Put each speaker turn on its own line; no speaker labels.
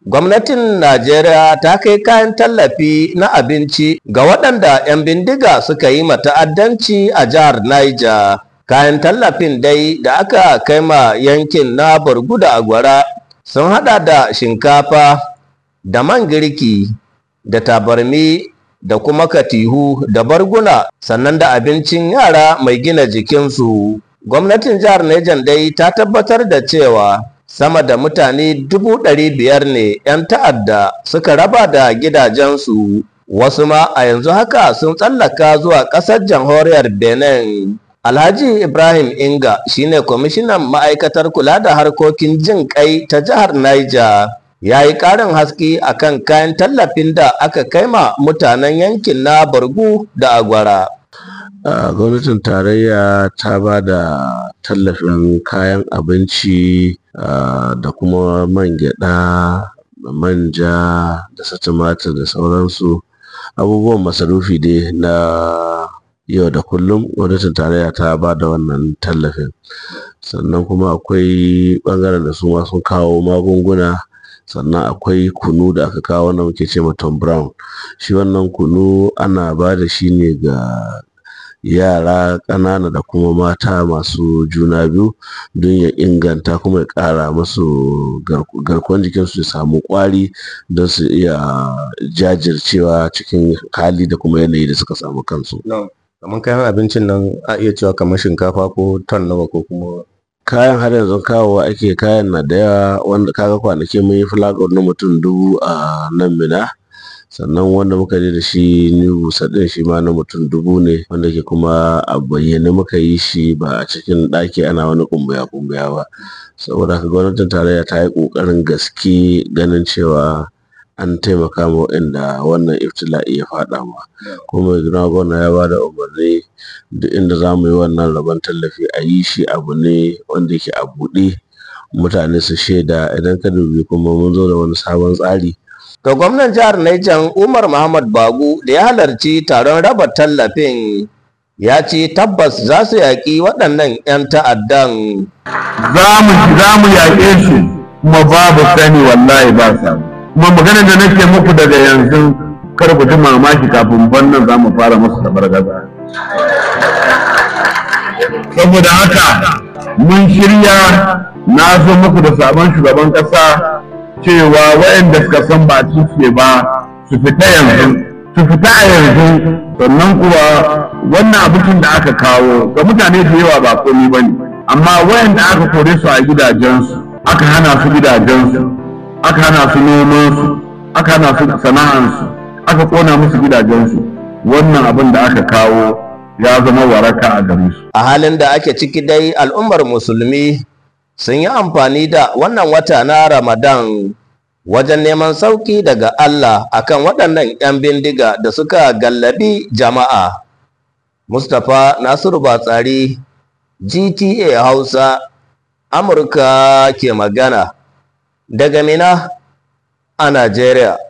Gwamnatin Najeriya ta kai kayan tallafi na abinci ga waɗanda 'yan bindiga suka yi ma ta'addanci a jihar Niger. Kayan tallafin dai da aka kai ma yankin na da Agwara sun haɗa da shinkafa da man girki da tabarmi da kuma katihu da barguna sannan da abincin yara mai gina jikinsu. Gwamnatin jihar Niger dai ta tabbatar da cewa sama da mutane dubu ɗari biyar ne 'yan ta'adda suka raba da gidajensu wasu ma a yanzu haka sun tsallaka zuwa ƙasar jamhuriyar benin alhaji ibrahim inga shine kwamishinan ma'aikatar kula da harkokin jin kai ta jihar niger ya yi ƙarin haske akan kayan tallafin da aka kaima mutanen yankin na bargu da agwara
gwamnatin tarayya ta ba da tallafin kayan abinci da kuma man gyada da manja da su tumatir da sauransu abubuwan masarufi dai na yau da kullum gwamnatin tarayya ta ba da wannan tallafin sannan kuma akwai bangaren da su ma sun kawo magunguna sannan akwai kunu da aka kawo wanda muke ce ma tom brown shi wannan kunu ana ba da shi ne ga yara ƙanana da kuma mata masu juna biyu don ya inganta kuma ya ƙara masu garkuwan jikinsu ya samu ƙwari don su iya jajircewa cikin hali da kuma yanayi da suka samu kansu. kamar kayan abincin nan a iya cewa kamar shinkafa ko ton nawa ko kuma kayan har yanzu kawowa ake kayan na da yawa wanda kaga kwanaki mun yi flag na mutum dubu a nan mina sannan wanda muka je da shi ni busa din shi ma na mutum dubu ne wanda ke kuma a bayyane muka yi shi ba a cikin ɗaki ana wani kumbaya kumbaya ba saboda haka gwamnatin tarayya ta yi ƙoƙarin gaske ganin cewa an taimaka ma inda wannan iftila'i ya faɗa ma kuma gina gwamna ya ba da umarni duk inda za mu yi wannan rabon tallafi a yi shi abu ne wanda ke a buɗe mutane su shaida idan ka dubi kuma mun zo da
wani sabon tsari ga gwamnan jihar Niger Umar Muhammad bagu da ya halarci taron raba tallafin ya ce tabbas za su yaƙi waɗannan 'yan ta'addan.
Za mu yaƙe su kuma babu sani wallahi ba sa, Kuma maganar da nake muku daga yanzu kar ku ji mamaki kafin bannan za mu fara musu tabar gaza. Saboda haka mun shirya na zo muku da sabon shugaban ƙasa cewa waɗanda suka san ba su ba su fita yanzu su fita a yanzu sannan kuwa wannan abincin da aka kawo ga mutane da yawa ba komi ba ne amma waɗanda aka kore su a gidajensu aka hana su gidajensu aka hana su nomansu aka hana su sana'ansu aka kona musu gidajensu wannan abin da aka kawo ya zama waraka a gare su a halin da ake ciki dai al'ummar
musulmi sun yi amfani da wannan wata na Ramadan wajen neman sauki daga Allah akan waɗannan 'yan bindiga da suka gallabi jama'a. Mustapha Nasiru Batsari, GTA Hausa, Amurka ke magana, daga Mina a Najeriya.